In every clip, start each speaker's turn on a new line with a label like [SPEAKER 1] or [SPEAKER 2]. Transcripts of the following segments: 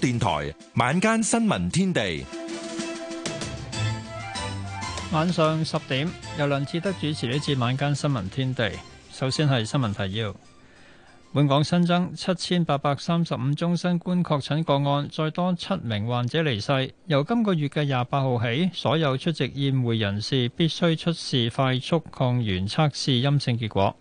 [SPEAKER 1] 電台晚間新聞
[SPEAKER 2] 天地，晚上十點由梁智德主持呢次晚間新聞天地。首先係新聞提要。本港新增七千八百三十五宗新冠確診個案，再多七名患者離世。由今個月嘅廿八號起，所有出席宴會人士必須出示快速抗原測試陰性結果。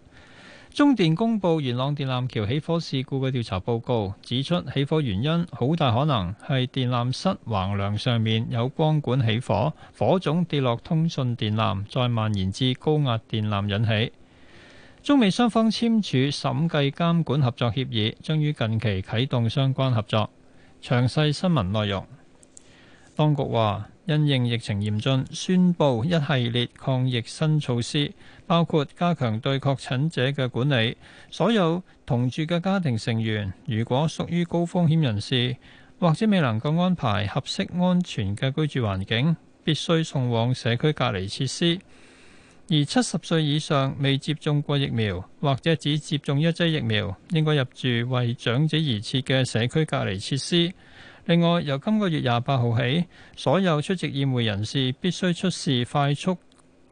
[SPEAKER 2] 中電公布元朗電纜橋起火事故嘅調查報告，指出起火原因好大可能係電纜室橫樑上面有光管起火，火種跌落通訊電纜，再蔓延至高壓電纜引起。中美雙方簽署審計監管合作協議，將於近期啟動相關合作。詳細新聞內容，當局話因應疫情嚴峻，宣布一系列抗疫新措施。包括加強對確診者嘅管理，所有同住嘅家庭成員，如果屬於高風險人士，或者未能夠安排合適安全嘅居住環境，必須送往社區隔離設施。而七十歲以上未接種過疫苗，或者只接種一劑疫苗，應該入住為長者而設嘅社區隔離設施。另外，由今個月廿八號起，所有出席宴會人士必須出示快速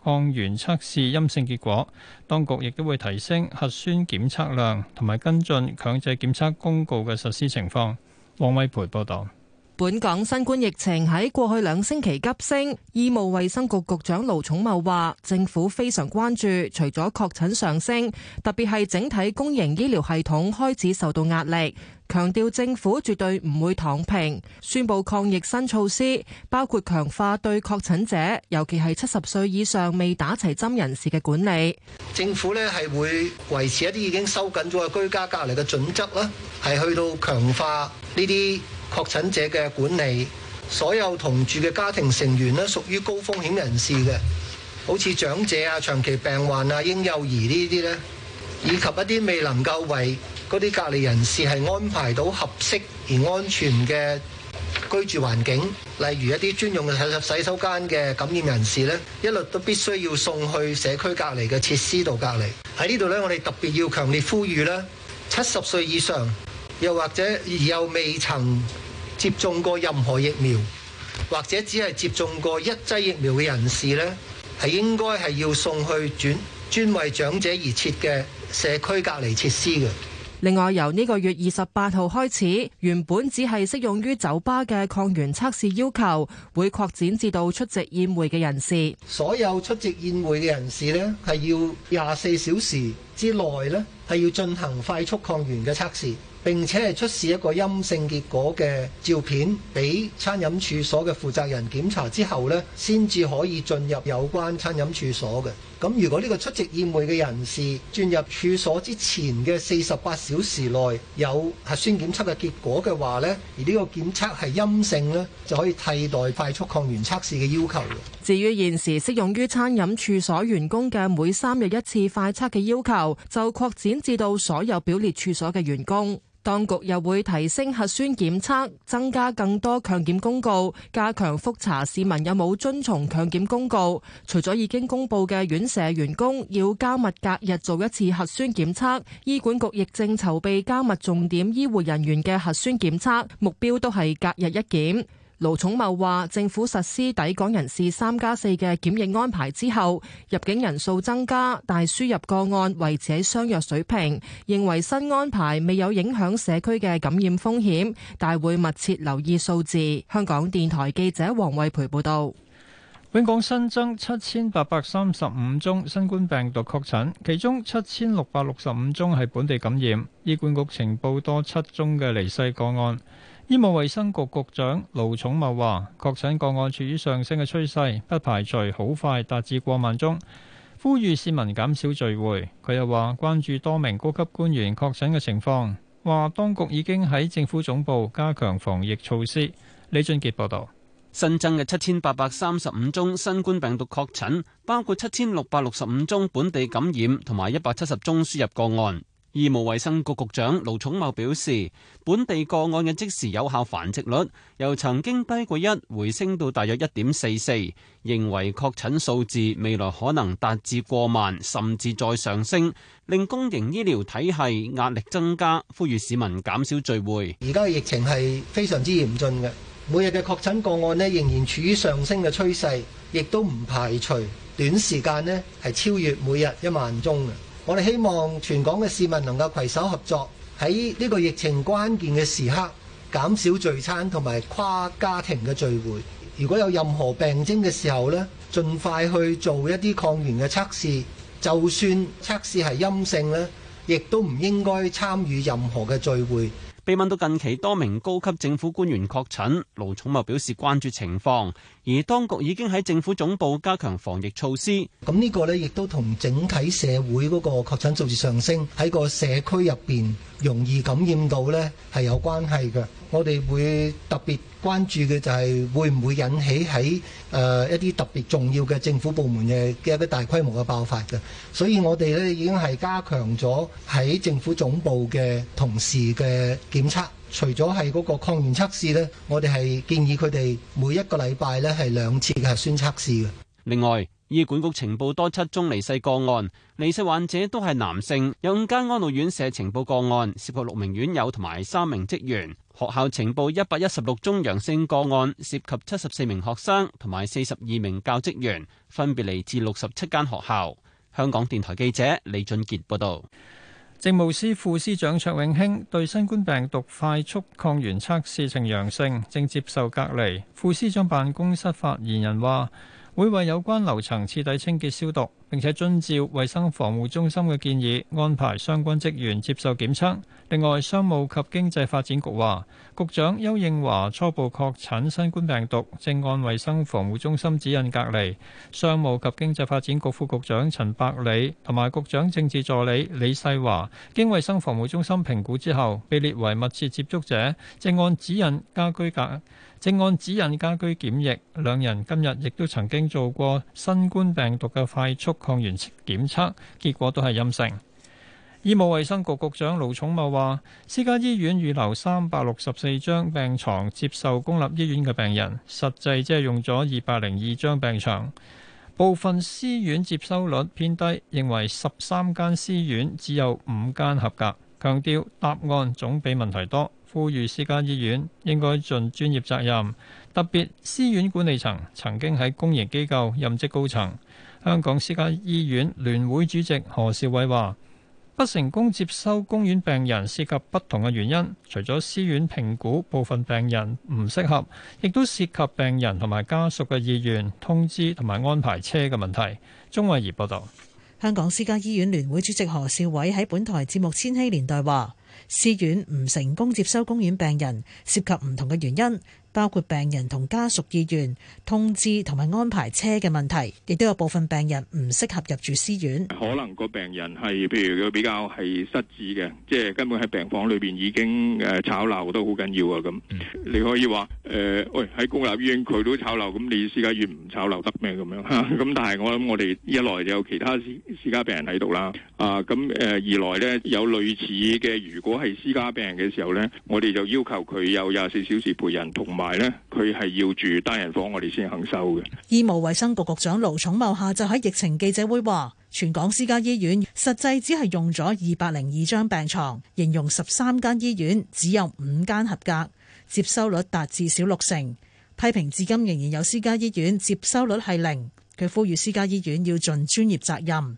[SPEAKER 2] 抗原測試陰性結果，當局亦都會提升核酸檢測量，同埋跟進強制檢測公告嘅實施情況。王偉培報導。
[SPEAKER 3] 本港新冠疫情喺過去兩星期急升，醫務衛生局局長盧寵茂話：政府非常關注，除咗確診上升，特別係整體公營醫療系統開始受到壓力。強調政府絕對唔會躺平，宣佈抗疫新措施，包括強化對確診者，尤其係七十歲以上未打齊針人士嘅管理。
[SPEAKER 4] 政府呢係會維持一啲已經收緊咗嘅居家隔離嘅準則啦，係去到強化呢啲確診者嘅管理，所有同住嘅家庭成員呢，屬於高風險人士嘅，好似長者啊、長期病患啊、嬰幼兒呢啲呢，以及一啲未能夠為。嗰啲隔離人士係安排到合適而安全嘅居住環境，例如一啲專用嘅洗手間嘅感染人士呢，一律都必須要送去社區隔離嘅設施度隔離。喺呢度呢，我哋特別要強烈呼籲呢，七十歲以上又或者而又未曾接種過任何疫苗，或者只係接種過一劑疫苗嘅人士呢，係應該係要送去轉專為長者而設嘅社區隔離設施嘅。
[SPEAKER 3] 另外，由呢個月二十八號開始，原本只係適用於酒吧嘅抗原測試要求，會擴展至到出席宴會嘅人士。
[SPEAKER 4] 所有出席宴會嘅人士呢，係要廿四小時之內呢，係要進行快速抗原嘅測試，並且係出示一個陰性結果嘅照片，俾餐飲處所嘅負責人檢查之後呢，先至可以進入有關餐飲處所嘅。咁如果呢個出席宴會嘅人士進入處所之前嘅四十八小時內有核酸檢測嘅結果嘅話呢，而呢個檢測係陰性呢，就可以替代快速抗原測試嘅要求。
[SPEAKER 3] 至於現時適用於餐飲處所員工嘅每三日一次快測嘅要求，就擴展至到所有表列處所嘅員工。當局又會提升核酸檢測，增加更多強檢公告，加強复查市民有冇遵從強檢公告。除咗已經公布嘅院舍員工要加密隔日做一次核酸檢測，醫管局亦正籌備加密重點醫護人員嘅核酸檢測，目標都係隔日一檢。盧寵茂話：政府實施抵港人士三加四嘅檢疫安排之後，入境人數增加，但輸入個案維持喺相若水平。認為新安排未有影響社區嘅感染風險，但會密切留意數字。香港電台記者黃慧培報道。
[SPEAKER 2] 本港新增七千八百三十五宗新冠病毒確診，其中七千六百六十五宗係本地感染。醫管局呈報多七宗嘅離世個案。醫務衛生局局長盧寵茂話：確診個案處於上升嘅趨勢，不排除好快達至過萬宗，呼籲市民減少聚會。佢又話關注多名高級官員確診嘅情況，話當局已經喺政府總部加強防疫措施。李俊傑報道：
[SPEAKER 5] 新增嘅七千八百三十五宗新冠病毒確診，包括七千六百六十五宗本地感染同埋一百七十宗輸入個案。醫務衛生局局長盧寵茂表示，本地個案嘅即時有效繁殖率由曾經低過一，回升到大約一點四四，認為確診數字未來可能達至過萬，甚至再上升，令公營醫療體系壓力增加，呼籲市民減少聚會。而
[SPEAKER 4] 家嘅疫情係非常之嚴峻嘅，每日嘅確診個案呢，仍然處於上升嘅趨勢，亦都唔排除短時間呢係超越每日一萬宗嘅。我哋希望全港嘅市民能夠携手合作，喺呢個疫情關鍵嘅時刻減少聚餐同埋跨家庭嘅聚會，如果有任何病徵嘅時候咧，盡快去做一啲抗原嘅測試，
[SPEAKER 5] 就算測試係陰性咧，亦都唔應該參與任何嘅聚會。被問到近期多名高級政府官員確診，盧寵茂表示關注情況。而當局已經喺政府總部加強防疫措施，咁呢個呢，亦
[SPEAKER 4] 都同整體社會嗰個確診數字上升喺個社區入邊容易感染到呢，係有關係嘅。我哋會特別關注嘅就係會唔會引起喺誒、呃、一啲特別重要嘅政府部門嘅嘅一啲大規模嘅爆發嘅，所以我哋呢，已經係加強咗喺政府總部嘅同事嘅檢測。除咗係嗰個抗原測試咧，我哋係建議佢哋每一個禮拜咧係兩次嘅核酸測試嘅。
[SPEAKER 5] 另外，醫管局呈報多七宗離世個案，離世患者都係男性。有五間安老院社呈報個案，涉及六名院友同埋三名職員。學校呈報一百一十六宗陽性個案，涉及七十四名學生同埋四十二名教職員，分別嚟自六十七間學校。香港電台記者李俊杰報道。政務司副司長卓永興
[SPEAKER 2] 對新冠病毒快速抗原測試呈陽性，正接受隔離。副司長辦公室發言人話：會為有關樓層徹底清潔消毒，並且遵照衛生防護中心嘅建議安排相關職員接受檢測。另外，商務及經濟發展局話，局長邱應華初步確診新冠病毒，正按衛生防護中心指引隔離。商務及經濟發展局副局長陳百里同埋局長政治助理李世華，經衛生防護中心評估之後，被列為密切接觸者，正按指引家居隔。正按指引家居檢疫，兩人今日亦都曾經做過新冠病毒嘅快速抗原檢測，結果都係陰性。醫務衛生局局長盧寵茂話：私家醫院預留三百六十四張病床接受公立醫院嘅病人，實際即係用咗二百零二張病床。部分私院接收率偏低，認為十三間私院只有五間合格，強調答案總比問題多。呼籲私家醫院應該盡專業責任，特別私院管理層曾經喺公營機構任職高層。香港私家醫院聯會主席何兆煒話：不成功接收公院病人涉及不同嘅原因，除咗私院評估部分病人唔適合，亦都涉及病人同埋家屬嘅意願、通知同埋安排車嘅問題。鍾慧儀報道，
[SPEAKER 6] 香港私家醫院聯會主席何兆煒喺本台節目《千禧年代》話。私院唔成功接收公院病人，涉及唔同嘅原因。包括病人同家屬意願、通知同埋安排車嘅問題，亦都有部分病人唔適合入住私院。
[SPEAKER 2] 可能個病人係，譬如佢比較係失智嘅，即係根本喺病房裏邊已經誒吵鬧都好緊要啊。咁你可以話誒、呃，喂，喺公立醫院佢都吵鬧，咁你私家醫院唔吵鬧得咩咁樣吓？咁 但係我諗我哋一來就有其他私私家病人喺度啦，啊咁誒，二來呢，有類似嘅，如果係私家病人嘅時候呢，我哋就要求佢有廿四小時陪人同埋。係咧，佢係要住單人房，我哋先肯收嘅。
[SPEAKER 6] 醫務衛生局局長盧寵茂下晝，喺疫情記者會話，全港私家醫院實際只係用咗二百零二張病床，形容十三間醫院只有五間合格，接收率達至少六成。批評至今仍然有私家醫院接收率係零，佢呼籲私家醫院要盡專業責任。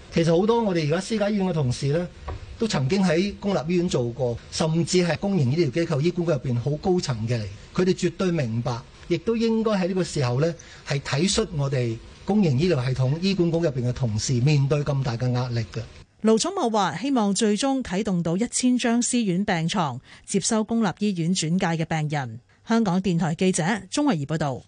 [SPEAKER 4] 其實好多我哋而家私家醫院嘅同事呢，都曾經喺公立醫院做過，甚至係公營醫療機構醫管局入邊好高層嘅嚟，佢哋絕對明白，亦都應該喺呢個時候呢，係體恤我哋公營醫療系統醫管局入邊嘅同事面對咁大嘅壓力嘅。
[SPEAKER 6] 盧寵茂話：希望最終啟動到一千張私院病床，接收公立醫院轉介嘅病人。香港電台記者鍾慧儀報道。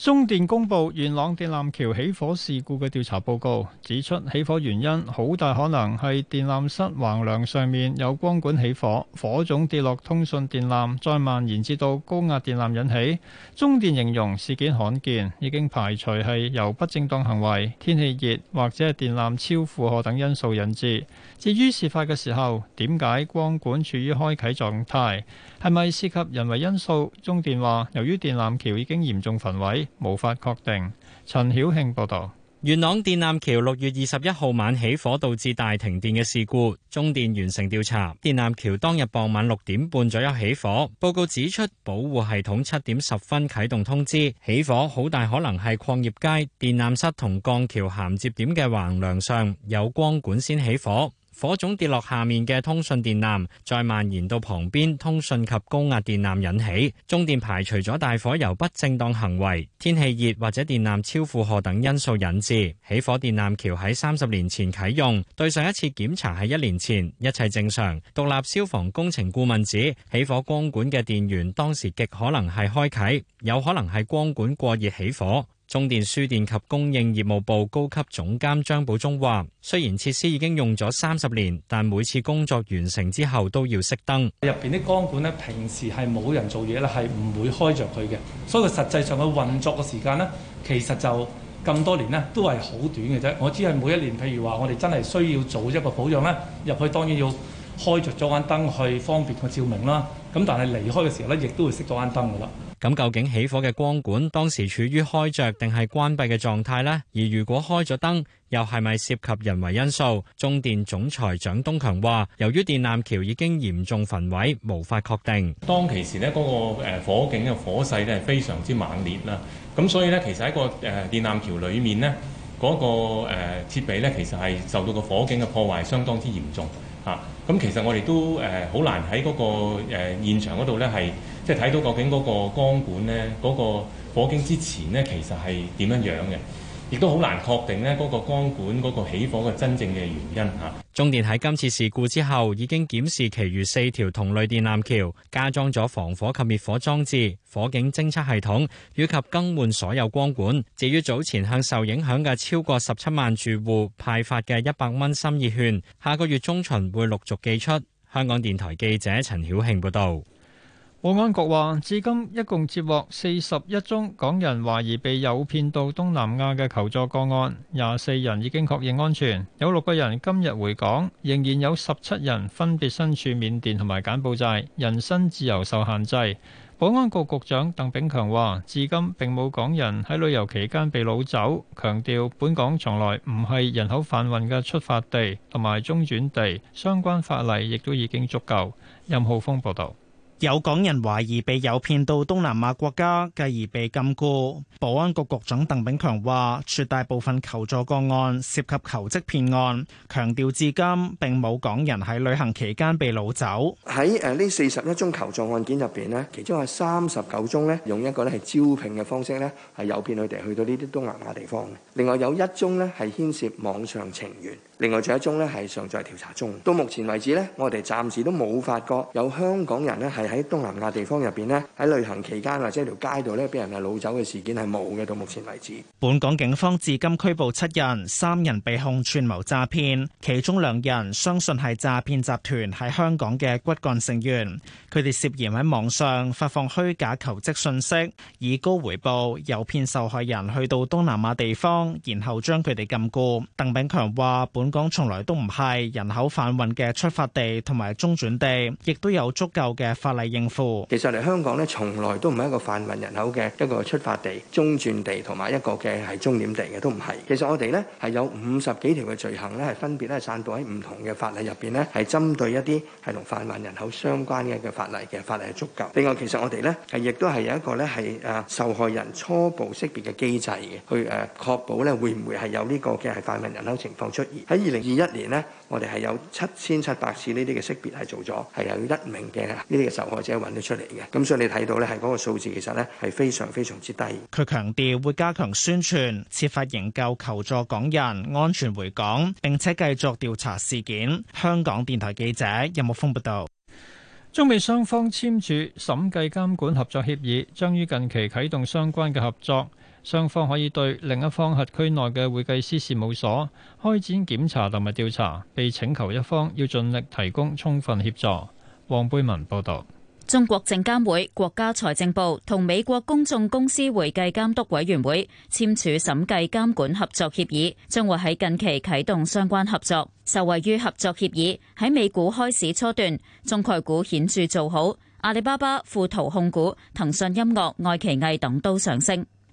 [SPEAKER 6] 中電公布
[SPEAKER 2] 元朗電纜橋起火事故嘅調查報告，指出起火原因好大可能係電纜室橫樑上面有光管起火，火種跌落通訊電纜，再蔓延至到高壓電纜引起。中電形容事件罕見，已經排除係由不正當行為、天氣熱或者係電纜超負荷等因素引致。至於事發嘅時候點解光管處於開啟狀態，係咪涉及人為因素？中電話，由於電纜橋已經嚴重焚毀，無法確定。
[SPEAKER 7] 陳曉慶報道：元朗電纜橋六月二十一號晚起火，導致大停電嘅事故。中電完成調查，電纜橋當日傍晚六點半左右起火。報告指出，保護系統七點十分啟動通知起火，好大可能係礦業街電纜室同鋼橋銜接點嘅橫梁上有光管先起火。火種跌落下面嘅通訊電纜，再蔓延到旁邊通訊及高壓電纜引起。中電排除咗大火由不正當行為、天氣熱或者電纜超負荷等因素引致。起火電纜橋喺三十年前啟用，對上一次檢查係一年前，一切正常。獨立消防工程顧問指，起火光管嘅電源當時極可能係開啟，有可能係光管過熱起火。中電輸電及供應業務部高級總監張寶忠話：雖然設施已經用咗三十年，但每次工作完成之後都要熄燈。入
[SPEAKER 4] 邊啲光管咧，平時
[SPEAKER 1] 係冇人做嘢咧，係唔會開着佢嘅，所以實際上佢運作嘅時間呢，其實就咁多年呢都係好短嘅啫。我只係每一年，譬如話我哋真係需要做一個保養咧，入去當然要開着咗盞燈去方便個照明啦。咁但係離
[SPEAKER 7] 開嘅時候呢，亦都會熄咗盞燈噶啦。咁究竟起火嘅光管當時處於開着定係關閉嘅狀態呢？而如果開咗燈，又係咪涉及人為因素？中電總裁蔣東強話，由於電纜橋已經嚴重焚毀，無法確定。當其時呢，嗰個誒火警嘅火勢呢係非常之猛烈啦。咁所以呢，其實喺個誒電纜橋裏面呢，嗰、嗰個誒設備呢，其實係受到個火警嘅破壞相當之嚴重。啊！咁其實我哋都誒好難喺嗰個誒現場嗰度咧，係即係睇到究竟嗰個光管咧，嗰、嗰個火警之前咧，其實係點樣樣嘅。亦都好難確定呢個光管嗰個起火嘅真正嘅原因嚇。中電喺今次事故之後已經檢視其餘四條同類電纜橋，加裝咗防火及滅火裝置、火警偵測系統，以及更換所有光管。至於早前向受影響嘅超過十七萬住戶派發嘅一百蚊心意券，下個月中旬會陸續寄出。香港電台記者陳曉慶報導。
[SPEAKER 2] 保安局話，至今一共接獲四十一宗港人懷疑被誘騙到東南亞嘅求助個案，廿四人已經確認安全，有六個人今日回港，仍然有十七人分別身處緬甸同埋柬埔寨，人身自由受限制。保安局局長鄧炳強話，至今並冇港人喺旅遊期間被擄走，強調本港從來唔係人口販運嘅出發地同埋
[SPEAKER 8] 中轉地，相關法例亦都已經足夠。任浩峰報道。有港人懷疑被誘騙到東南亞國家，繼而被禁錮。保安局局長鄧炳強話：絕大部分求助個案涉及求職騙案，強調至今並冇港人喺旅行期間被擄走。
[SPEAKER 9] 喺誒呢四十一宗求助案件入邊咧，其中有三十九宗咧，用一個咧係招聘嘅方式咧，係誘騙佢哋去到呢啲東南亞地方。另外有一宗咧係牽涉網上情緣。另外仲有一宗呢，係尚在調查中，到目前為止呢，我哋暫時都冇發覺有香港人呢，係喺東南亞地方入邊呢，喺旅行期間或者條街道呢，俾人係擄走嘅事件，係冇嘅。到目前為止。
[SPEAKER 8] 本港警方至今拘捕七人，三人被控串謀詐騙，其中兩人相信係詐騙集團喺香港嘅骨幹成員，佢哋涉嫌喺網上發放虛假求職信息，以高回報誘騙受害人去到東南亞地方，然後將佢哋禁錮。鄧炳強話本。香港從來都唔係人口販運嘅出發地同埋中轉地，亦都有足夠嘅法例應付。其
[SPEAKER 9] 實嚟香港咧，從來都唔係一個販運人口嘅一個出發地、中轉地同埋一個嘅係終點地嘅，都唔係。其實我哋咧係有五十幾條嘅罪行咧，係分別咧散布喺唔同嘅法例入邊咧，係針對一啲係同販運人口相關嘅嘅法例嘅法例係足夠。另外，其實我哋咧係亦都係有一個咧係誒受害人初步識別嘅機制嘅，去誒確保咧會唔會係有呢個嘅係販運人口情況出現喺。二零二一年呢，我哋係有七千七百次呢啲嘅識別係做咗，係有一名嘅呢啲嘅受害者揾得出嚟嘅。咁所以你睇到咧，係嗰個數字其實咧係非常非常之低。
[SPEAKER 8] 佢強調會加強宣傳，設法營救求助港人，安全回港，並且繼續調查事件。香港電台記者任木峰報道。中美雙方簽署
[SPEAKER 2] 審計監管合作協議，將於近期啟動相關嘅合作。雙方可以對另一方轄區內嘅會計師事務所開展檢查同埋調查，被請求一方要盡力提供充分協助。黃貝文報導，
[SPEAKER 10] 中國證監會、國家財政部同美國公眾公司會計監督委員會簽署審計監管合作協議，將會喺近期啟動相關合作。受惠於合作協議，喺美股開市初段，中概股顯著做好，阿里巴巴、富途控股、騰訊音樂、愛奇藝等都上升。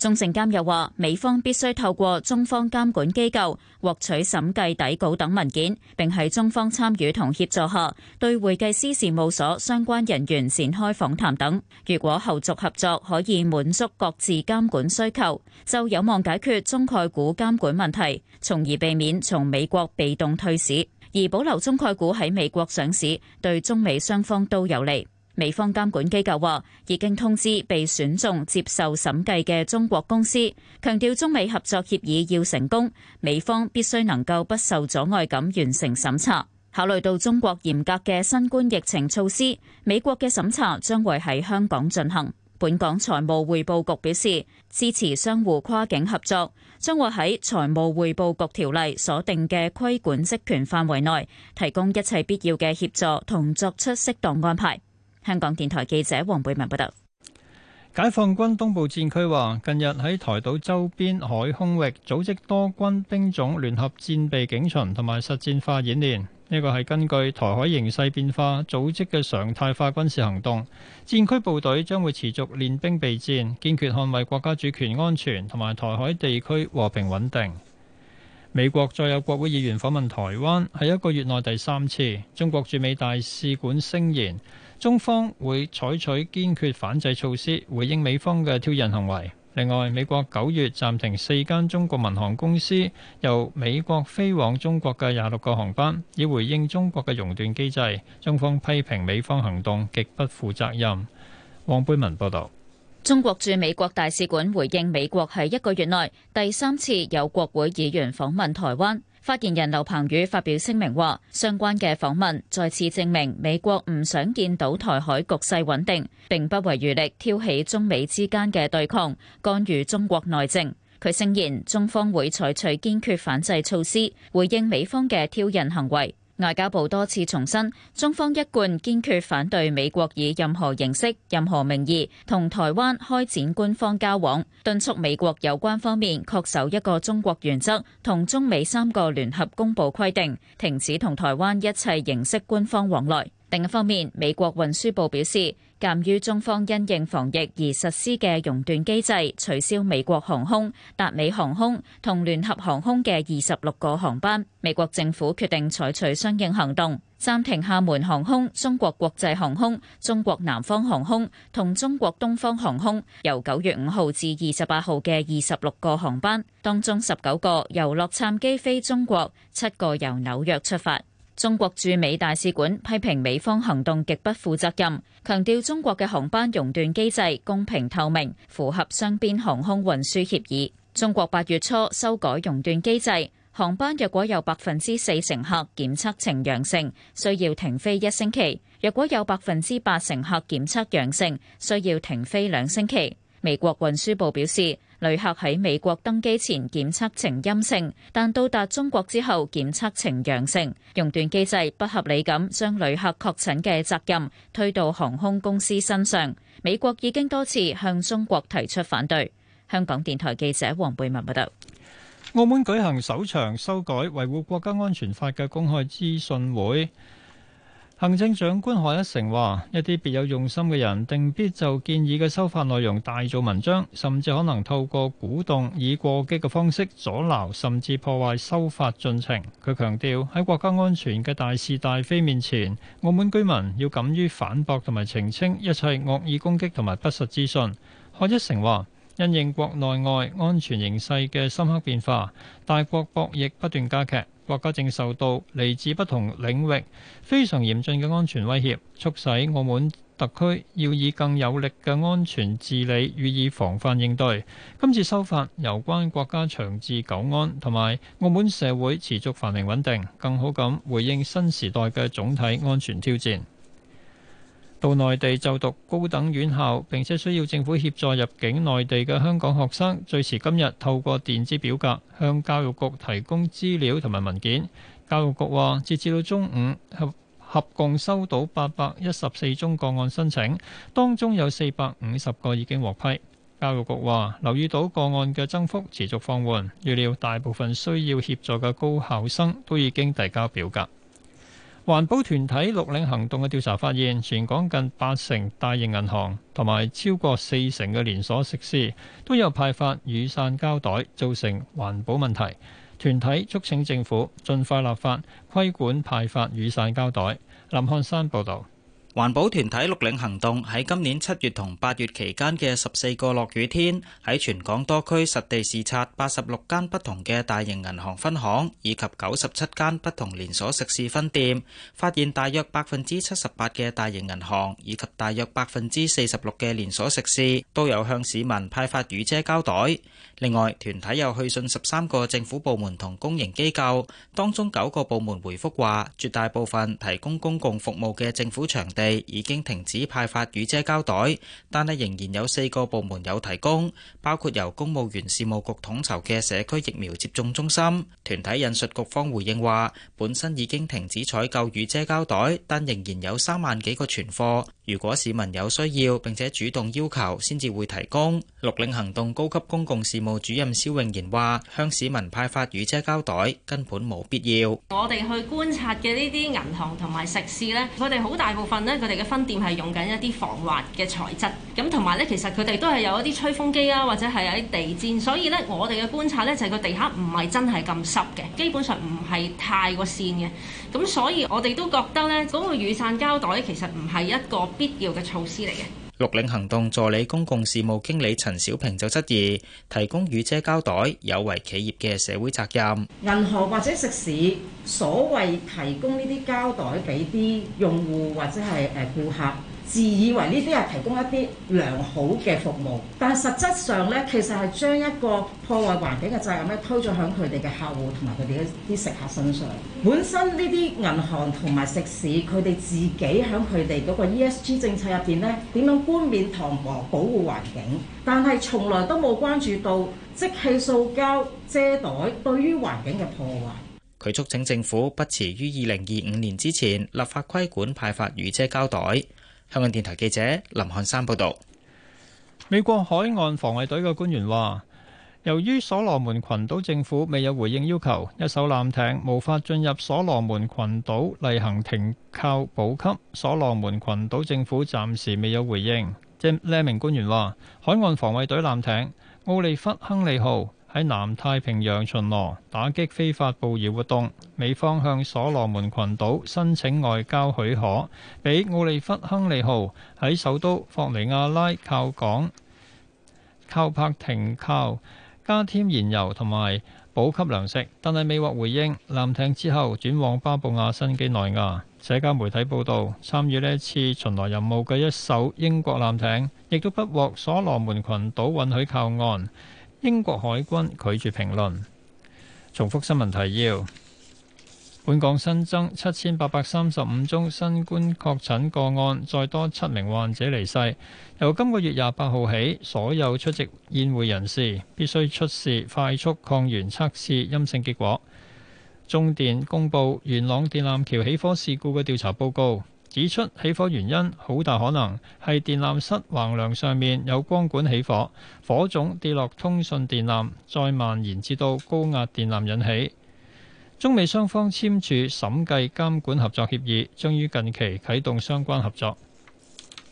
[SPEAKER 10] 中證監又話，美方必須透過中方監管機構獲取審計底稿等文件，並喺中方參與同協助下，對會計師事務所相關人員展開訪談等。如果後續合作可以滿足各自監管需求，就有望解決中概股監管問題，從而避免從美國被動退市，而保留中概股喺美國上市，對中美雙方都有利。美方監管機構話已經通知被選中接受審計嘅中國公司，強調中美合作協議要成功，美方必須能夠不受阻礙咁完成審查。考慮到中國嚴格嘅新冠疫情措施，美國嘅審查將會喺香港進行。本港財務匯報局表示支持相互跨境合作，將會喺財務匯報局條例所定嘅規管職權範圍內提供一切必要嘅協助，同作出適當安排。香港電台記者黃貝文報道，
[SPEAKER 2] 解放軍東部戰區話，近日喺台島周邊海空域組織多軍兵種聯合戰備警巡同埋實戰化演練。呢個係根據台海形勢變化組織嘅常態化軍事行動。戰區部隊將會持續練兵備戰，堅決捍衛國家主權安全同埋台海地區和平穩定。美國再有國會議員訪問台灣，係一個月內第三次。中國駐美大使館聲言，中方會採取堅決反制措施，回應美方嘅挑釁行為。另外，美國九月暫停四間中國民航公司由美國飛往中國嘅廿六個航班，以回應中國嘅熔斷機制。中方批評美方行動極不負責任。黃貝文報道。
[SPEAKER 10] 中國駐美國大使館回應，美國喺一個月內第三次有國會議員訪問台灣。發言人劉鵬宇發表聲明話：相關嘅訪問再次證明美國唔想見到台海局勢穩定，並不遺餘力挑起中美之間嘅對抗，干預中國內政。佢聲言，中方會採取堅決反制措施，回應美方嘅挑釁行為。外交部多次重申，中方一貫堅決反對美國以任何形式、任何名義同台灣開展官方交往，敦促美國有關方面恪守一個中國原則同中美三個聯合公報規定，停止同台灣一切形式官方往來。另一方面，美國運輸部表示，鑑於中方因應防疫而實施嘅熔斷機制，取消美國航空、達美航空同聯合航空嘅二十六個航班，美國政府決定採取相應行動，暫停廈門航空、中國國際航空、中國南方航空同中國東方航空由九月五號至二十八號嘅二十六個航班，當中十九個由洛杉磯飛，飛中國，七個由紐約出發。中國駐美大使館批評美方行動極不負責任，強調中國嘅航班熔斷機制公平透明，符合雙邊航空運輸協議。中國八月初修改熔斷機制，航班若果有百分之四乘客檢測呈陽性，需要停飛一星期；若果有百分之八乘客檢測陽性，需要停飛兩星期。美國運輸部表示，旅客喺美國登機前檢測呈陰性，但到達中國之後檢測呈陽性，熔斷機制不合理，咁將旅客確診嘅責任推到航空公司身上。美國已經多次向中國提出反對。香港電台記者黃貝文報道。
[SPEAKER 2] 澳門舉行首場修改《維護國家安全法》嘅公開諮詢會。行政長官賀一誠話：一啲別有用心嘅人，定必就建議嘅修法內容大做文章，甚至可能透過鼓動以過激嘅方式阻撓，甚至破壞修法進程。佢強調喺國家安全嘅大是大非面前，澳門居民要敢於反駁同埋澄清一切惡意攻擊同埋不實資訊。賀一誠話。因應國內外安全形勢嘅深刻變化，大國博弈不斷加劇，國家正受到嚟自不同領域非常嚴峻嘅安全威脅，促使澳門特區要以更有力嘅安全治理予以防範應對。今次修法，有關國家長治久安同埋澳門社會持續繁榮穩定，更好咁回應新時代嘅總體安全挑戰。到內地就讀高等院校，並且需要政府協助入境內地嘅香港學生，最遲今日透過電子表格向教育局提供資料同埋文件。教育局話，截至到中午合，合共收到八百一十四宗個案申請，當中有四百五十個已經獲批。教育局話，留意到個案嘅增幅持續放緩，預料大部分需要協助嘅高校生都已經遞交表格。環保團體綠領行動嘅調查發現，全港近八成大型銀行同埋超過四成嘅連鎖食肆都有派發雨傘膠袋，造成環保問題。團體促請政府盡快立法
[SPEAKER 11] 規管派發雨傘膠袋。林漢山報導。環保團體綠領行動喺今年七月同八月期間嘅十四個落雨天，喺全港多區實地視察八十六間不同嘅大型銀行分行以及九十七間不同連鎖食肆分店，發現大約百分之七十八嘅大型銀行以及大約百分之四十六嘅連鎖食肆都有向市民派發雨遮膠袋。另外，團體又去信十三個政府部門同公營機構，當中九個部門回覆話，絕大部分提供公共服務嘅政府場地，已經停止派發雨遮膠袋，但係仍然有四個部門有提供，包括由公務員事務局統籌嘅社區疫苗接種中心。團體引述局方回應話，本身已經停止採購雨遮膠袋，但仍然有三萬幾個存貨。如果市民有需要并且主動要求，先至會提供。綠領行動高級公共事務主任蕭穎賢話，向市民派發雨遮膠袋根本冇必要。
[SPEAKER 12] 我哋去觀察嘅呢啲銀行同埋食肆呢，佢哋好大部分呢，佢哋嘅分店係用緊一啲防滑嘅材質，咁同埋呢，其實佢哋都係有一啲吹風機啊，或者係有啲地氈，所以呢，我哋嘅觀察呢，就係個地下唔係真係咁濕嘅，基本上唔係太過跣嘅。咁所以我哋都覺得呢嗰個雨傘膠袋其實唔係一個必要嘅
[SPEAKER 3] 措施嚟嘅。
[SPEAKER 11] 綠領行動助理公共事務經理陳小平就質疑，提供雨遮膠袋有違企業嘅社會責任。
[SPEAKER 3] 銀行或者食肆所謂提供呢啲膠袋俾啲用戶或者係誒顧客。自以為呢啲係提供一啲良好嘅服務，但係實質上呢，其實係將一個破壞環境嘅責任呢，推咗響佢哋嘅客戶同埋佢哋一啲食客身上。本身呢啲銀行同埋食肆，佢哋自己響佢哋嗰個 ESG 政策入邊呢，點樣冠冕堂皇保護環境，但係從來都冇關注到即棄塑膠遮袋對於環境嘅破壞。
[SPEAKER 11] 佢促請政府不遲於二零二五年之前立法規管派發雨遮膠袋。香港電台記者林漢山報道，美國海岸防衛隊嘅官員話，
[SPEAKER 2] 由於所羅門群島政府未有回應要求，一艘艦艇無法進入所羅門群島例行停靠補給。所羅門群島政府暫時未有回應。即呢名官員話，海岸防衛隊艦艇奧利弗亨利號。喺南太平洋巡邏，打擊非法捕魚活動。美方向所羅門群島申請外交許可，俾奧利弗亨利號喺首都霍尼亞拉靠港、靠泊停靠，加添燃油同埋補給糧食。但係未獲回應，艦艇之後轉往巴布亞新幾內亞。社交媒體報導，參與呢次巡邏任務嘅一艘英國艦艇，亦都不獲所羅門群島允許靠岸。英國海軍拒絕評論。重複新聞提要：本港新增七千八百三十五宗新冠確診個案，再多七名患者離世。由今個月廿八號起，所有出席宴會人士必須出示快速抗原測試陰性結果。中電公布元朗電纜橋起火事故嘅調查報告。指出起火原因好大可能係電纜室橫樑上面有光管起火，火種跌落通訊電纜再蔓延至到高壓電纜引起。中美雙方簽署審計監管合作協議，將於近期啟動相關合作。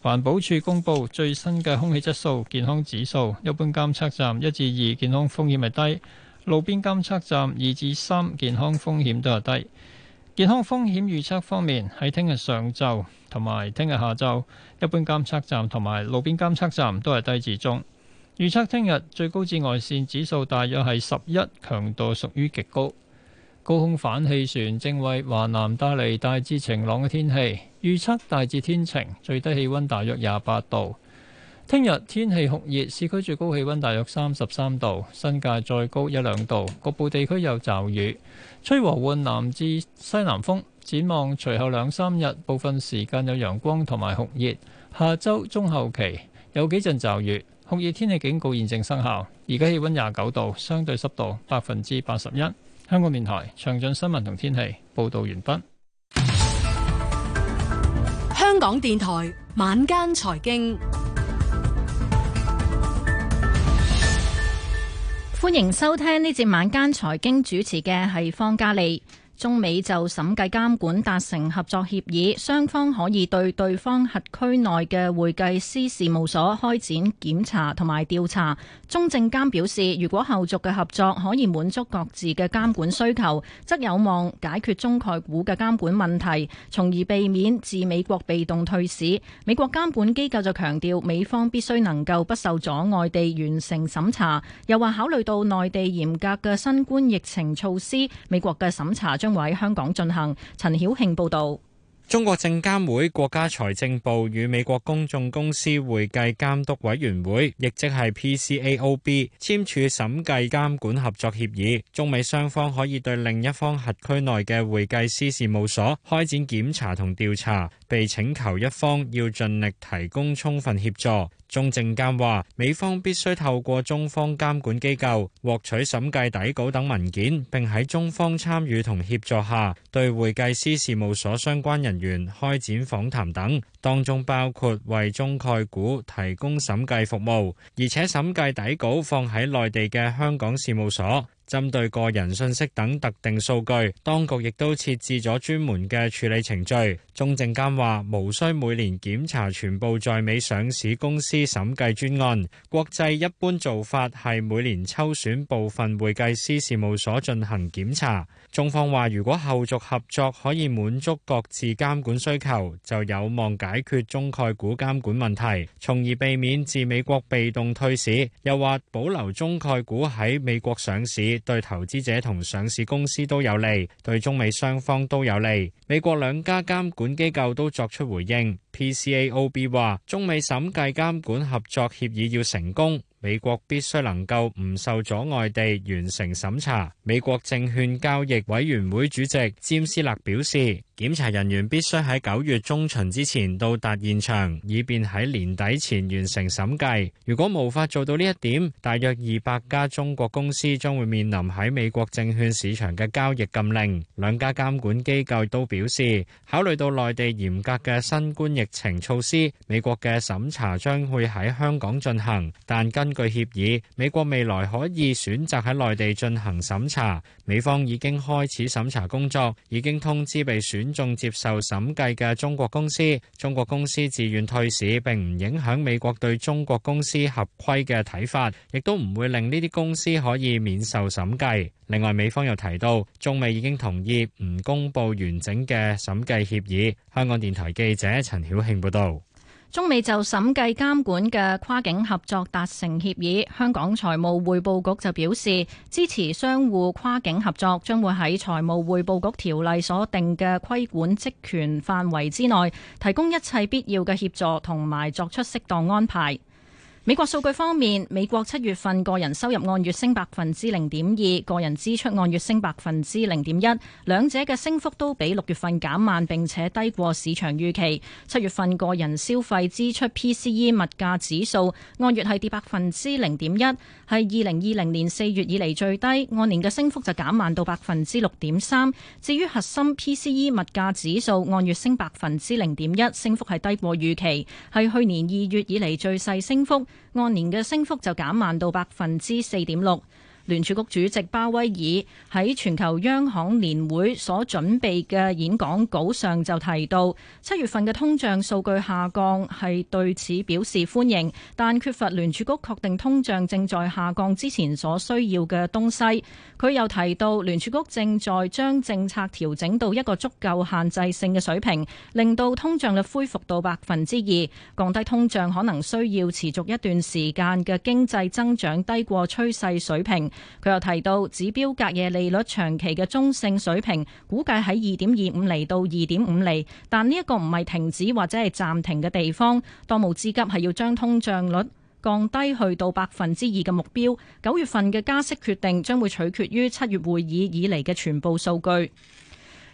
[SPEAKER 2] 環保署公布最新嘅空氣質素健康指數，一般監測站一至二健康風險係低，路邊監測站二至三健康風險都係低。健康風險預測方面，喺聽日上晝同埋聽日下晝一般監測站同埋路邊監測站都係低至中。預測聽日最高紫外線指數大約係十一，強度屬於極高。高空反氣旋正為華南帶嚟大致晴朗嘅天氣，預測大致天晴，最低氣溫大約廿八度。聽日天氣酷熱，市區最高氣溫大約三十三度，新界再高一兩度，局部地區有驟雨，吹和緩南至西南風。展望隨後兩三日，部分時間有陽光同埋酷熱。下周中後期有幾陣驟雨，酷熱天氣警告現正生效。而家氣溫廿九度，相對濕度百分之八十一。香港，香港電台詳盡新聞同天氣報道完畢。
[SPEAKER 3] 香港電台晚間財經。
[SPEAKER 12] 歡迎收聽呢節晚間財經，主持嘅係方嘉利。中美就審計監管達成合作協議，雙方可以對對方轄區內嘅會計師事務所開展檢查同埋調查。中證監表示，如果後續嘅合作可以滿足各自嘅監管需求，則有望解決中概股嘅監管問題，從而避免自美國被動退市。美國監管機構就強調美方必須能夠不受阻礙地完成審查，又話考慮到內地嚴格嘅新冠疫情措施，美國嘅審查將位香港進行，陳曉慶報道。
[SPEAKER 7] 中國證監會、國家財政部與美國公眾公司會計監督委員會，亦即係 PCAOB 簽署審計監管合作協議。中美雙方可以對另一方轄區內嘅會計師事務所開展檢查同調查，被請求一方要盡力提供充分協助。中證監話，美方必須透過中方監管機構獲取審計底稿等文件，並喺中方參與同協助下，對會計師事務所相關人員開展訪談等。當中包括為中概股提供審計服務，而且審計底稿放喺內地嘅香港事務所，針對個人信息等特定數據，當局亦都設置咗專門的處理程序。中證監話，無需每年檢查全部在美上市公司審計專案，國際一般做法係每年抽選部分會計師事務所進行檢查。中方話，如果後續合作可以滿足各自監管需求，就有望解決中概股監管問題，從而避免自美國被動退市，又或保留中概股喺美國上市，對投資者同上市公司都有利，對中美雙方都有利。美國兩家監管機構都作出回應。PCAOB 話中美審計監管合作協議要成功，美國必須能夠唔受阻礙地完成審查。美國證券交易委員會主席詹斯勒表示，檢查人員必須喺九月中旬之前到達現場，以便喺年底前完成審計。如果無法做到呢一點，大約二百家中國公司將會面臨喺美國證券市場嘅交易禁令。兩家監管機構都表示，考慮到內地嚴格嘅新冠疫程措施，美國嘅審查將會喺香港進行，但根據協議，美國未來可以選擇喺內地進行審查。美方已經開始審查工作，已經通知被選中接受審計嘅中國公司。中國公司自願退市並唔影響美國對中國公司合規嘅睇法，亦都唔會令呢啲公司可以免受審計。另外，美方又提到，中美已經同意唔公佈完整嘅審計協議。香港電台記者陳曉。高興報道，
[SPEAKER 12] 中美就審計監管嘅跨境合作達成協議。香港財務匯報局就表示，支持商戶跨境合作，將會喺財務匯報局條例所定嘅規管職權範圍之內，提供一切必要嘅協助同埋作出適當安排。美國數據方面，美國七月份個人收入按月升百分之零點二，個人支出按月升百分之零點一，兩者嘅升幅都比六月份減慢，並且低過市場預期。七月份個人消費支出 PCE 物價指數按月係跌百分之零點一，係二零二零年四月以嚟最低，按年嘅升幅就減慢到百分之六點三。至於核心 PCE 物價指數按月升百分之零點一，升幅係低過預期，係去年二月以嚟最細升幅。按年嘅升幅就減慢到百分之四點六。聯儲局主席鮑威爾喺全球央行年會所準備嘅演講稿上就提到，七月份嘅通脹數據下降係對此表示歡迎，但缺乏聯儲局確定通脹正在下降之前所需要嘅東西。佢又提到，聯儲局正在將政策調整到一個足夠限制性嘅水平，令到通脹率恢復到百分之二。降低通脹可能需要持續一段時間嘅經濟增長低過趨勢水平。佢又提到，指標隔夜利率長期嘅中性水平估計喺二點二五厘到二點五厘，但呢一個唔係停止或者係暫停嘅地方，當務之急係要將通脹率降低去到百分之二嘅目標。九月份嘅加息決定將會取決於七月會議以嚟嘅全部數據。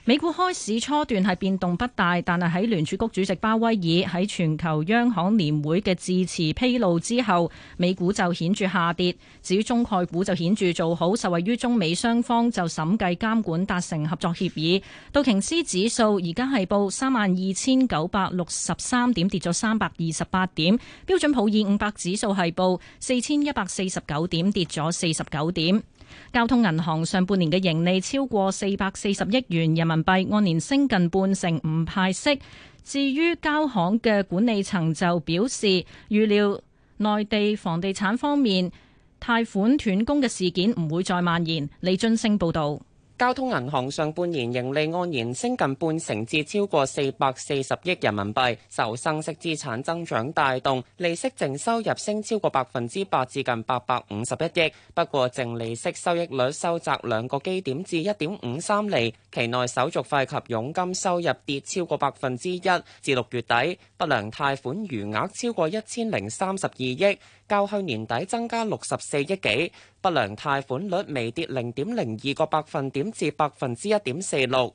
[SPEAKER 12] 美股開市初段係變動不大，但係喺聯儲局主席鮑威爾喺全球央行年會嘅致辭披露之後，美股就顯著下跌。至於中概股就顯著做好，受惠於中美雙方就審計監管達成合作協議。道瓊斯指數而家係報三萬二千九百六十三點，跌咗三百二十八點。標準普爾五百指數係報四千一百四十九點，跌咗四十九點。交通銀行上半年嘅盈利超過四百四十億元人民幣，按年升近半成，唔派息。至於交行嘅管理層就表示，預料內地房地產方面貸款斷供嘅事件唔會再蔓延。李津升報道。
[SPEAKER 13] 交通銀行上半年盈利按年升近半成，至超過四百四十億人民幣，受生息資產增長帶動，利息淨收入升超過百分之八，至近八百五十一億。不過淨利息收益率收窄兩個基點至一點五三厘，期內手續費及佣金收入跌超過百分之一，至六月底不良貸款餘額超過一千零三十二億。較去年底增加六十四億幾，不良貸款率微跌零點零二個百分點至百分之一點四六。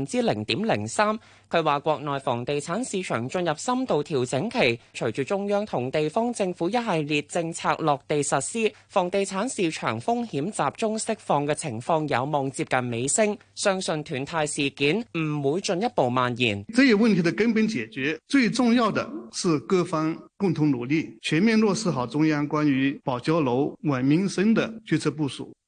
[SPEAKER 13] 之零點零三，佢話國內房地產市場進入深度調整期，隨住中央同地方政府一系列政策落地實施，房地產市場風險集中釋放嘅情況有望接近尾聲。相信斷貸事件唔會進一步蔓延。
[SPEAKER 2] 這一問題的根本解決，最重要的是各方共同努力，全面落實好中央關於保交樓、穩民生的決策部署。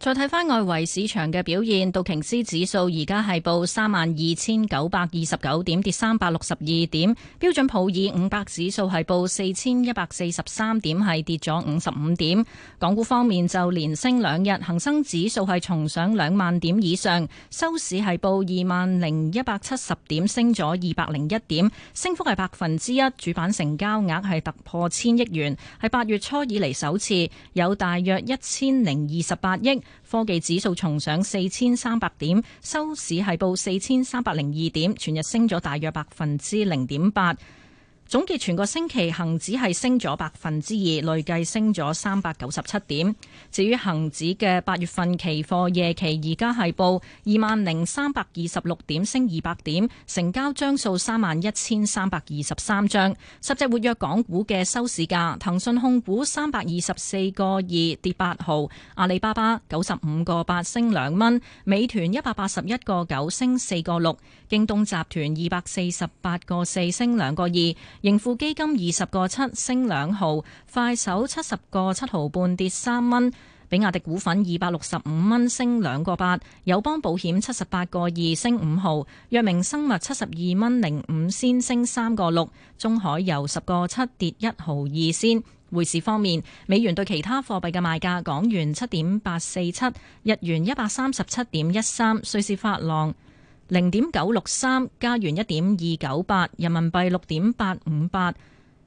[SPEAKER 12] 再睇翻外圍市場嘅表現，道瓊斯指數而家係報三萬二千九百二十九點，跌三百六十二點；標準普爾五百指數係報四千一百四十三點，係跌咗五十五點。港股方面就連升兩日，恒生指數係重上兩萬點以上，收市係報二萬零一百七十點，升咗二百零一點，升幅係百分之一。主板成交額係突破千億元，係八月初以嚟首次，有大約一千零二十八億。科技指數重上四千三百點，收市係報四千三百零二點，全日升咗大約百分之零點八。總結全個星期，恒指係升咗百分之二，累計升咗三百九十七點。至於恒指嘅八月份期貨夜期，而家係報二萬零三百二十六點，升二百點，成交張數三萬一千三百二十三張。十隻活躍港股嘅收市價，騰訊控股三百二十四個二跌八毫，阿里巴巴九十五個八升兩蚊，美團一百八十一個九升四個六，京東集團二百四十八個四升兩個二。盈富基金二十個七升兩毫，快手七十個七毫半跌三蚊，比亞迪股份二百六十五蚊升兩個八，友邦保險七十八個二升五毫，藥明生物七十二蚊零五先升三個六，中海油十個七跌一毫二先。匯市方面，美元對其他貨幣嘅賣價，港元七點八四七，日元一百三十七點一三，瑞士法郎。零點九六三加元，一點二九八人民幣，六點八五八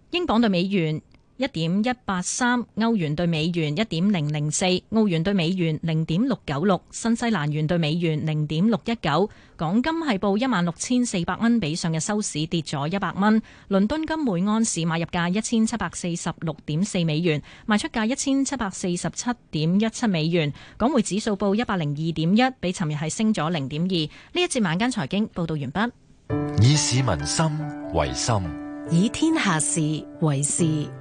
[SPEAKER 12] 英鎊對美元。一點一八三歐元兌美元，一點零零四歐元兌美元，零點六九六新西蘭元兌美元，零點六一九，港金係報一萬六千四百蚊，比上日收市跌咗一百蚊。倫敦金每安士買入價一千七百四十六點四美元，賣出價一千七百四十七點一七美元。港匯指數報 1, 2, 一百零二點一，比尋日係升咗零點二。呢一節晚間財經報道完畢。
[SPEAKER 1] 以市民心為心，以天下事為事。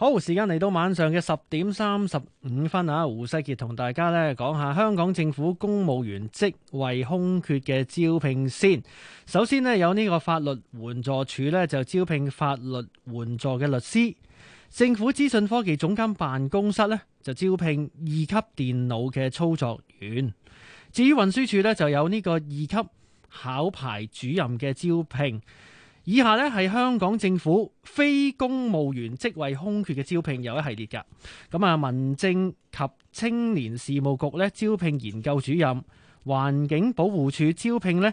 [SPEAKER 1] 好，時間嚟到晚上嘅十點三十五分啊！胡世傑同大家咧講下香港政府公務員職位空缺嘅招聘先。首先呢有呢個法律援助處咧就招聘法律援助嘅律師，政府資訊科技總監辦公室咧就招聘二級電腦嘅操作員。至於運輸處咧就有呢個二級考牌主任嘅招聘。以下咧係香港政府非公務員職位空缺嘅招聘，有一系列㗎，咁啊民政及青年事務局咧招聘研究主任，環境保護署招聘呢，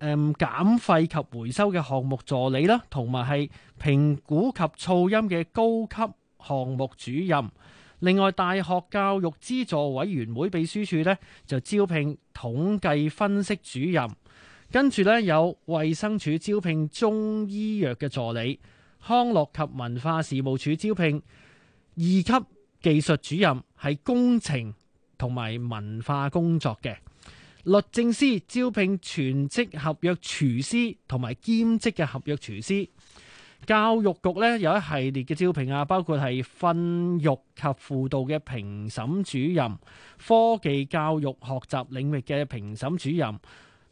[SPEAKER 1] 誒減廢及回收嘅項目助理啦，同埋係評估及噪音嘅高級項目主任。另外大學教育資助委員會秘書處呢，就招聘統計分析主任。跟住咧，有衛生署招聘中醫藥嘅助理，康樂及文化事務署招聘二級技術主任，係工程同埋文化工作嘅。律政司招聘全職合約廚師同埋兼職嘅合約廚師。教育局咧，有一系列嘅招聘啊，包括係訓育及輔導嘅評審主任、科技教育學習領域嘅評審主任。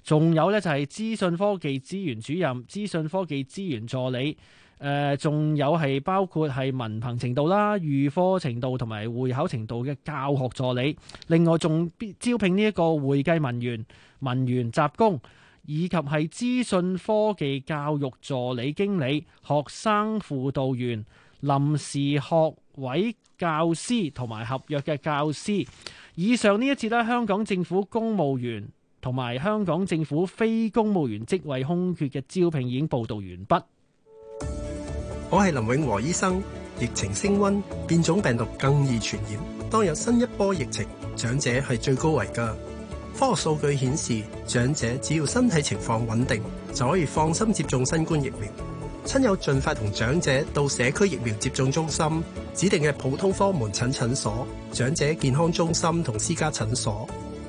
[SPEAKER 1] 仲有咧就係資訊科技資源主任、資訊科技資源助理，誒、呃，仲有係包括係文憑程度啦、預科程度同埋會考程度嘅教學助理。另外仲必招聘呢一個會計文員、文員雜工，以及係資訊科技教育助理經理、學生輔導員、臨時學位教師同埋合約嘅教師。以上呢一節咧，香港政府公務員，同埋香港政府非公務員職位空缺嘅招聘已經報道完畢。
[SPEAKER 4] 我係林永和醫生。疫情升溫，變種病毒更易傳染。當有新一波疫情，長者係最高危㗎。科學數據顯示，長者只要身體情況穩定，就可以放心接種新冠疫苗。親友盡快同長者到社區疫苗接種中心、指定嘅普通科門診診所、長者健康中心同私家診所。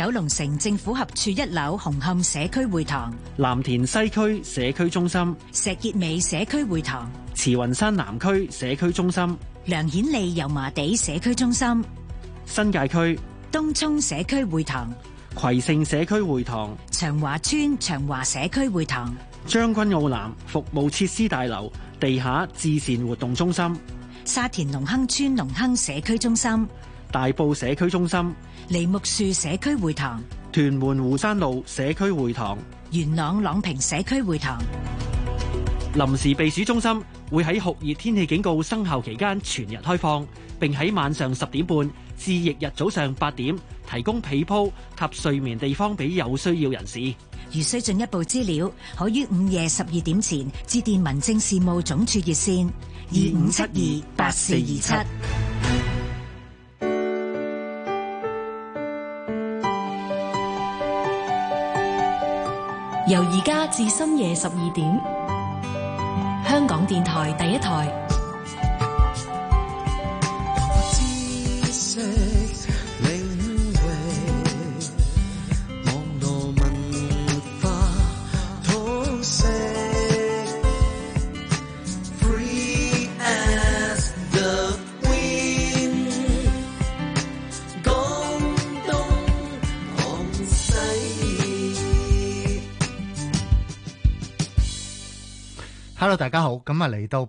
[SPEAKER 1] 九龍城政府合署一樓紅磡社區會堂、藍田西區社區中心、石硤尾社區會堂、慈雲山南區社區中心、梁顯利油麻地社區中心、新界區東涌社區會堂、葵盛社區會堂、長華邨長華社區會堂、將軍澳南服務設施大樓地下至善活動中心、沙田隆亨邨隆亨社區中心。大埔社區中心、梨木樹社區會堂、屯門湖山路社區會堂、
[SPEAKER 12] 元朗朗屏社區會堂。
[SPEAKER 1] 臨時避暑中心會喺酷熱天氣警告生效期間全日開放，並喺晚上十點半至翌日早上八點提供被鋪及睡眠地方俾有需要人士。
[SPEAKER 12] 如需進一步資料，可於午夜十二點前致電民政事務總署熱線二五七二八四二七。
[SPEAKER 3] 由而家至深夜十二點，香港電台第一台。
[SPEAKER 4] 哈囉大家好，今日嚟到。